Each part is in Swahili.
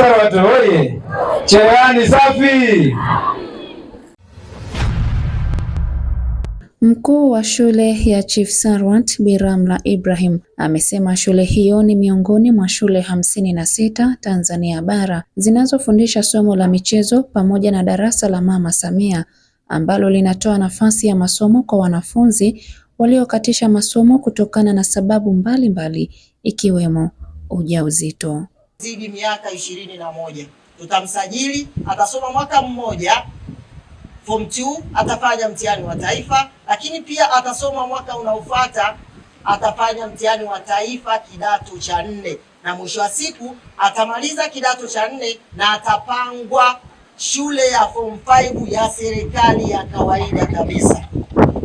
watu oye! Cherehani safi! Mkuu wa shule ya Chief Sarwat Bi Ramla Ibrahim amesema shule hiyo ni miongoni mwa shule hamsini na sita Tanzania bara zinazofundisha somo la michezo pamoja na darasa la Mama Samia ambalo linatoa nafasi ya masomo kwa wanafunzi waliokatisha masomo kutokana na sababu mbalimbali ikiwemo ujauzito zidi miaka ishirini na moja tutamsajili, atasoma mwaka mmoja form 2, atafanya mtihani wa taifa, lakini pia atasoma mwaka unaofuata atafanya mtihani wa taifa kidato cha nne, na mwisho wa siku atamaliza kidato cha nne na atapangwa shule ya form 5 ya serikali ya kawaida kabisa.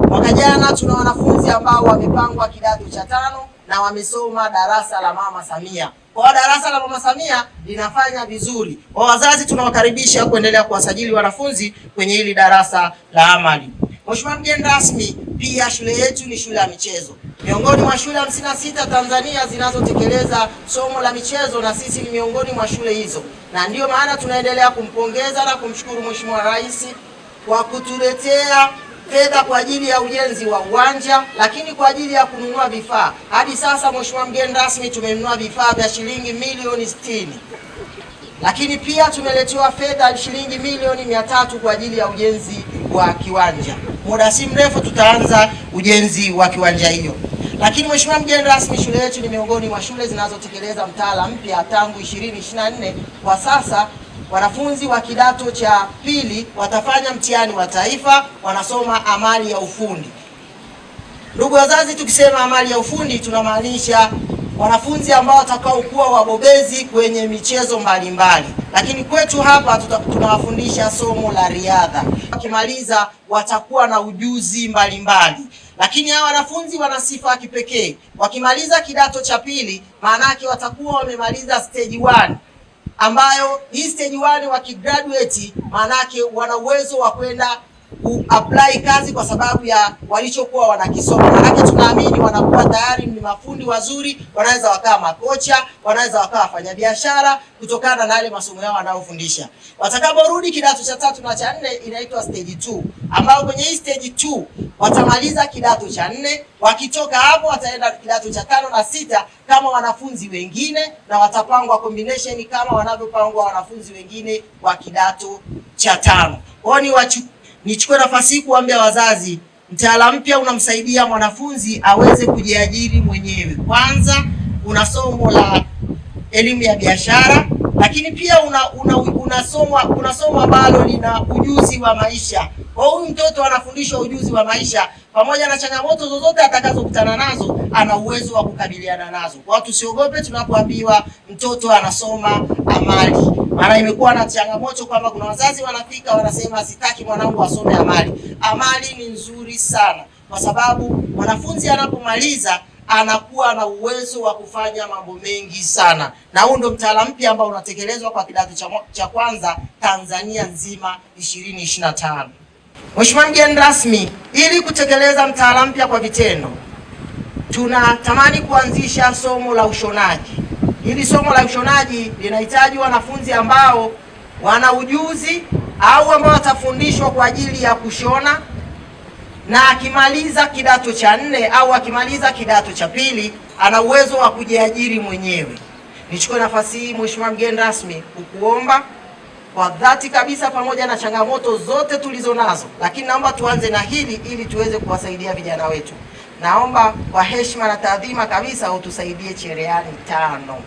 Mwaka jana tuna wanafunzi ambao wamepangwa kidato cha tano na wamesoma darasa la mama Samia. Kwa darasa la mama Samia linafanya vizuri. Kwa wazazi tunawakaribisha kuendelea kuwasajili wanafunzi kwenye hili darasa la amali. Mheshimiwa mgeni rasmi, pia shule yetu ni shule ya michezo, miongoni mwa shule sita Tanzania zinazotekeleza somo la michezo, na sisi ni miongoni mwa shule hizo, na ndiyo maana tunaendelea kumpongeza na kumshukuru Mheshimiwa Rais kwa kutuletea fedha kwa ajili ya ujenzi wa uwanja, lakini kwa ajili ya kununua vifaa. Hadi sasa, Mheshimiwa mgeni rasmi, tumenunua vifaa vya shilingi milioni sitini, lakini pia tumeletewa fedha shilingi milioni mia tatu kwa ajili ya ujenzi wa kiwanja. Muda si mrefu tutaanza ujenzi wa kiwanja hiyo. Lakini Mheshimiwa mgeni rasmi, shule yetu ni miongoni mwa shule zinazotekeleza mtaala mpya tangu 2024 kwa sasa wanafunzi wa kidato cha pili watafanya mtihani wa taifa, wanasoma amali ya ufundi. Ndugu wazazi, tukisema amali ya ufundi tunamaanisha wanafunzi ambao watakaokuwa wabobezi kwenye michezo mbalimbali, lakini kwetu hapa tunawafundisha somo la riadha. Wakimaliza watakuwa na ujuzi mbalimbali mbali. Lakini hawa wanafunzi wana sifa ya kipekee, wakimaliza kidato cha pili, maana watakuwa wamemaliza stage 1 ambayo hii stage 1 wakigraduate, maanake wana uwezo wa kwenda kuapply kazi kwa sababu ya walichokuwa wanakisoma. manake tunaamini wanakuwa tayari ni mafundi wazuri, wanaweza wakawa makocha, wanaweza wakawa wafanyabiashara kutokana na yale masomo yao wanayofundisha. Watakaporudi kidato cha tatu na cha nne, inaitwa stage 2, ambao kwenye hii stage 2 watamaliza kidato cha nne. Wakitoka hapo, wataenda kidato cha tano na sita kama wanafunzi wengine, na watapangwa combination kama wanavyopangwa wanafunzi wengine wa kidato cha tano. Kwao ni wachu Nichukue nafasi hii kuambia wazazi, mtaala mpya unamsaidia mwanafunzi aweze kujiajiri mwenyewe. Kwanza una somo la elimu ya biashara, lakini pia una, una, una somo ambalo lina ujuzi wa maisha kwa huyu mtoto anafundishwa ujuzi wa maisha, pamoja na changamoto zozote atakazokutana nazo, ana uwezo wa kukabiliana nazo. Kwa tusiogope tunapoambiwa mtoto anasoma amali, maana imekuwa na changamoto kwamba kuna wazazi wanafika wanasema, sitaki mwanangu asome amali. Amali ni nzuri sana, kwa sababu mwanafunzi anapomaliza anakuwa na uwezo wa kufanya mambo mengi sana, na huu ndo mtaala mpya ambao unatekelezwa kwa kidato cha, cha kwanza Tanzania nzima 2025. Mheshimiwa mgeni rasmi, ili kutekeleza mtaala mpya kwa vitendo, tunatamani kuanzisha somo la ushonaji. Hili somo la ushonaji linahitaji wanafunzi ambao wana ujuzi au ambao watafundishwa kwa ajili ya kushona, na akimaliza kidato cha nne au akimaliza kidato cha pili ana uwezo wa kujiajiri mwenyewe. Nichukue nafasi hii Mheshimiwa mgeni rasmi kukuomba kwa dhati kabisa, pamoja na changamoto zote tulizo nazo, lakini naomba tuanze na hili ili tuweze kuwasaidia vijana wetu. Naomba kwa heshima na taadhima kabisa utusaidie cherehani tano.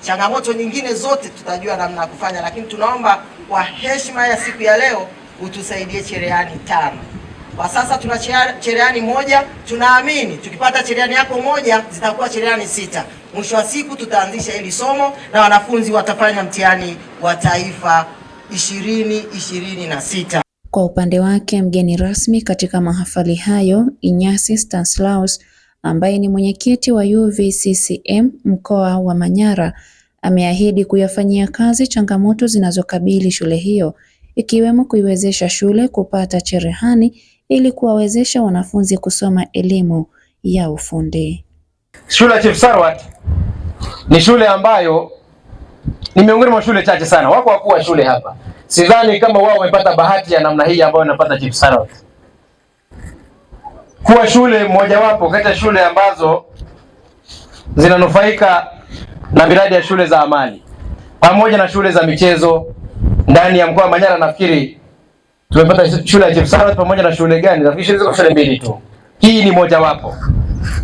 Changamoto nyingine zote tutajua namna ya kufanya, lakini tunaomba kwa heshima ya siku ya leo utusaidie cherehani tano. Kwa sasa tuna cherehani moja, tunaamini tukipata cherehani yako moja zitakuwa cherehani sita. Mwisho wa siku tutaanzisha hili somo na wanafunzi watafanya mtihani wa taifa 2026. Kwa upande wake mgeni rasmi katika mahafali hayo Inyasi Stanislaus ambaye ni mwenyekiti wa UVCCM mkoa wa Manyara ameahidi kuyafanyia kazi changamoto zinazokabili shule hiyo ikiwemo kuiwezesha shule kupata cherehani ili kuwawezesha wanafunzi kusoma elimu ya ufundi. Shule ya Chief Sarwat ni shule ambayo ni miongoni mwa shule chache sana. Wako wakuu wa shule hapa, sidhani kama wao wamepata bahati ya namna hii ambayo inapata Chief Sarwat kuwa shule mojawapo kati ya shule ambazo zinanufaika na miradi ya shule za amali pamoja na shule za michezo ndani ya mkoa wa Manyara. Nafikiri Tumepata shule ya Jebsalat pamoja na shule gani? Nafikiri ziko shule mbili tu. Hii ni mojawapo,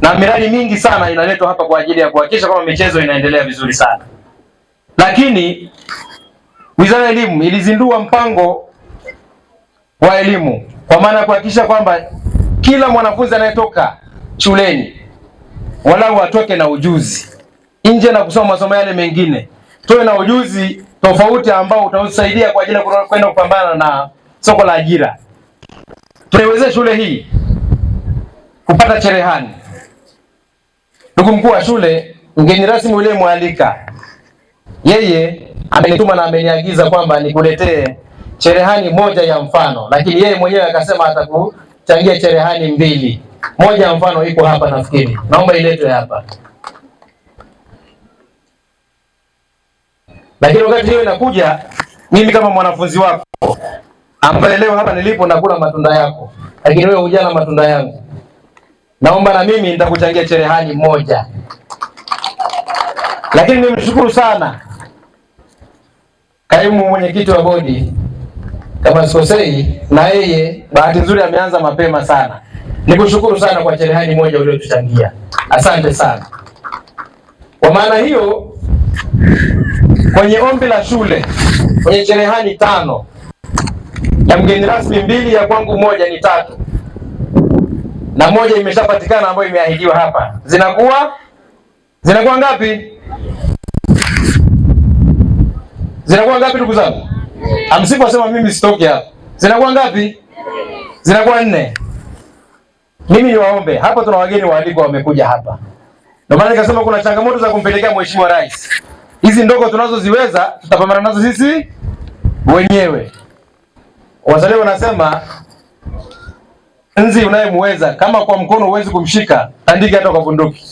na miradi mingi sana inaletwa hapa kwa ajili ya kuhakikisha kwamba michezo inaendelea vizuri sana. Lakini Wizara ya Elimu ilizindua mpango wa elimu kwa maana ya kuhakikisha kwamba kila mwanafunzi anayetoka shuleni walau atoke na ujuzi nje na kusoma masomo yale mengine, tuwe na ujuzi tofauti ambao utausaidia kwa ajili ya kwenda kupambana na soko la ajira, tuiwezeshe shule hii kupata cherehani. Ndugu mkuu wa shule, mgeni rasmi uliyemwalika yeye amenituma na ameniagiza kwamba nikuletee cherehani moja ya mfano, lakini yeye mwenyewe akasema atakuchangia cherehani mbili. Moja ya mfano iko hapa, nafikiri naomba iletwe hapa. Lakini wakati hiyo inakuja, mimi kama mwanafunzi wako ambaye leo hapa nilipo nakula matunda yako, lakini wewe hujala matunda yangu. Naomba na mimi nitakuchangia cherehani moja. Lakini nimshukuru sana kaimu mwenyekiti wa bodi, kama sikosei, na yeye bahati nzuri ameanza mapema sana. Nikushukuru sana kwa cherehani moja uliotuchangia, asante sana. Kwa maana hiyo, kwenye ombi la shule kwenye cherehani tano ya mgeni rasmi mbili, ya kwangu moja, ni tatu, na moja imeshapatikana ambayo imeahidiwa hapa. Zinakuwa zinakuwa ngapi? Zinakuwa ngapi, ndugu zangu? Amsiposema ah, mimi sitoki hapa. Zinakuwa ngapi? Zinakuwa nne. Mimi niwaombe hapa, tuna wageni waalikwa wamekuja hapa, ndio maana nikasema kuna changamoto za kumpelekea mheshimiwa rais. Hizi ndogo tunazoziweza tutapambana nazo sisi wenyewe. Wasanii wanasema nzi unayemweza kama kwa mkono huwezi kumshika, andike hata kwa bunduki.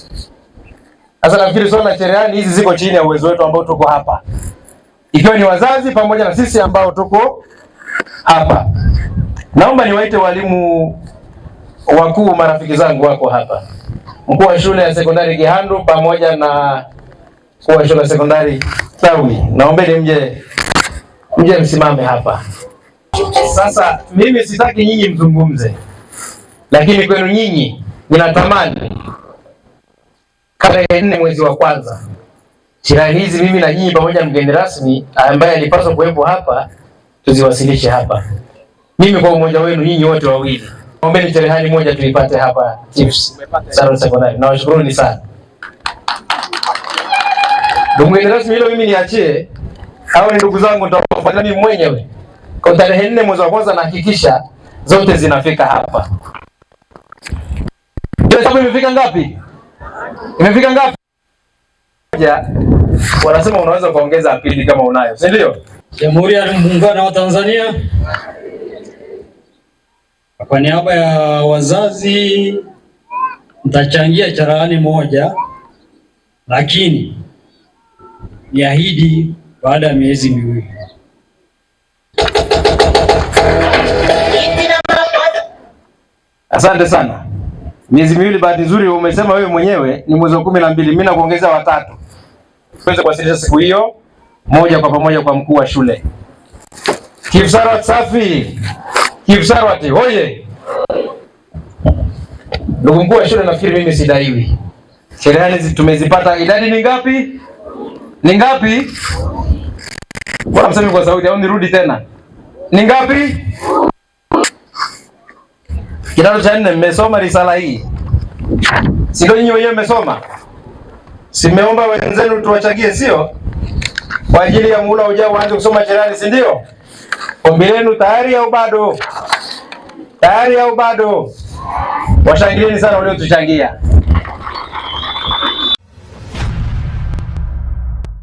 Sasa nafikiri swala la cherehani hizi ziko chini ya uwezo wetu ambao tuko hapa, ikiwa ni wazazi pamoja na sisi ambao tuko hapa. Naomba niwaite walimu wakuu, marafiki zangu wako hapa, mkuu wa shule ya sekondari Kihandu pamoja na mkuu wa shule ya sekondari Tawi, naombeni mje mje msimame hapa. Sasa mimi sitaki nyinyi mzungumze, lakini kwenu nyinyi ninatamani tarehe nne mwezi wa kwanza silaha hizi mimi na nyinyi pamoja mgeni rasmi ambaye alipaswa kuwepo hapa tuziwasilishe hapa. Mimi kwa umoja wenu nyinyi wote wawili, ombeni cherehani moja tuipate hapa Chiefs Salon Sekondari. Nawashukuruni sana. Ndugu mgeni rasmi, hilo mimi niachie, hao ni ndugu zangu, nitawafanya mimi mwenyewe. Kwa tarehe nne mwezi wa kwanza nahakikisha zote zinafika hapa. Hesabu imefika ngapi? Imefika ngapi? Wanasema unaweza ukaongeza pili kama unayo, si ndio? Jamhuri ya Muungano wa Tanzania, kwa niaba ya wazazi ntachangia charahani moja, lakini niahidi baada ya miezi miwili Asante sana. Miezi miwili, bahati nzuri umesema wewe mwenyewe ni mwezi wa kumi na mbili, mimi nakuongezea watatu tuweze kuwasilisha siku hiyo moja kwa pamoja kwa mkuu wa shule. Kipsara safi. Kipsarati hoye. Ndugu mkuu wa shule, nafikiri mimi sidaiwi. Cherehani tumezipata, idadi ni ngapi? Ni ngapi? Bora msemi kwa sauti au nirudi tena? Ni ngapi? Kidato cha nne mmesoma risala hii, si ndio? Nyinyi wenyewe mmesoma, simeomba wenzenu tuwachagie, sio kwa ajili ya muhula ujao waanze kusoma cherehani, si ndio? Ombi lenu tayari au bado? Tayari au bado? Washangilieni sana waliotuchangia.